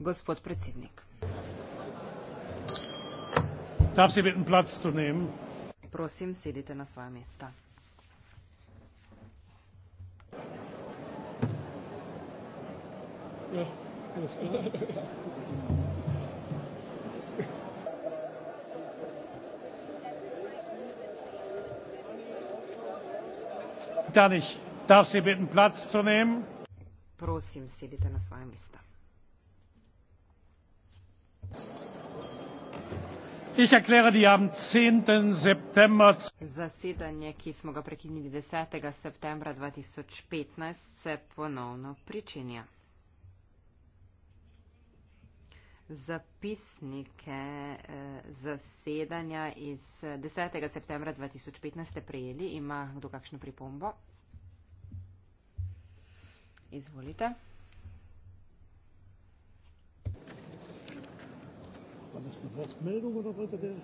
Gospod predsednik. Darf Sie bitten, Platz zu nehmen? Prosim, sedite na svoje mesta. Ja, Dann ich darf Sie bitten, Platz zu nehmen. Prosim, sedite na svoje mesto. Ich erkläre die am 10. September. Zasedanje, ki smo ga prekinili 10. septembra 2015, se ponovno pričenja. Zapisnike eh, zasedanja iz 10. Eh, septembra 2015 ste prejeli. Ima kdo kakšno pripombo? Izvolite. Hvala, da ste vod kmeru, da bodo delali.